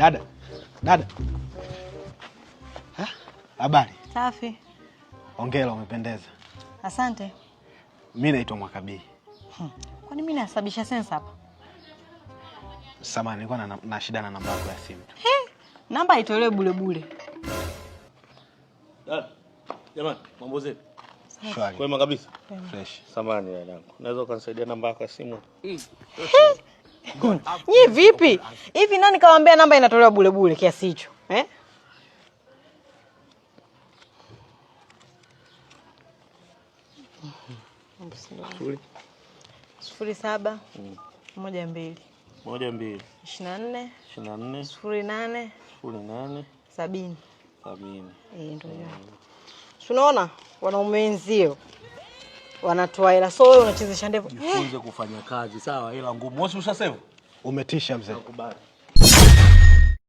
Dada, dada, habari? Safi. ongela umependeza. Asante. Mi naitwa Mwakabii. Hmm. Kwani mi nasababisha sensa hapa? Samahani, nilikuwa na, na shida na namba yako ya simu. Namba itolewe bure bure. Jamani, mambo zetu. Kwema kabisa. Fresh. Samahani, dadangu. Unaweza ukanisaidia namba yako ya simu? nyi vipi hivi? Nani kawaambia namba inatolewa bure bure kiasi hicho eh? sifuri saba moja mbili moja mbili ishirini na nne ishirini na nne sifuri nane sifuri nane sabini sabini. Eh, ndio, tunaona wanaume wenzio wanatoa hela. So wewe unachezesha ndevu. Jifunze kufanya kazi sawa, ila ngumu. Wewe ushasema? Umetisha mzee. Nakubali.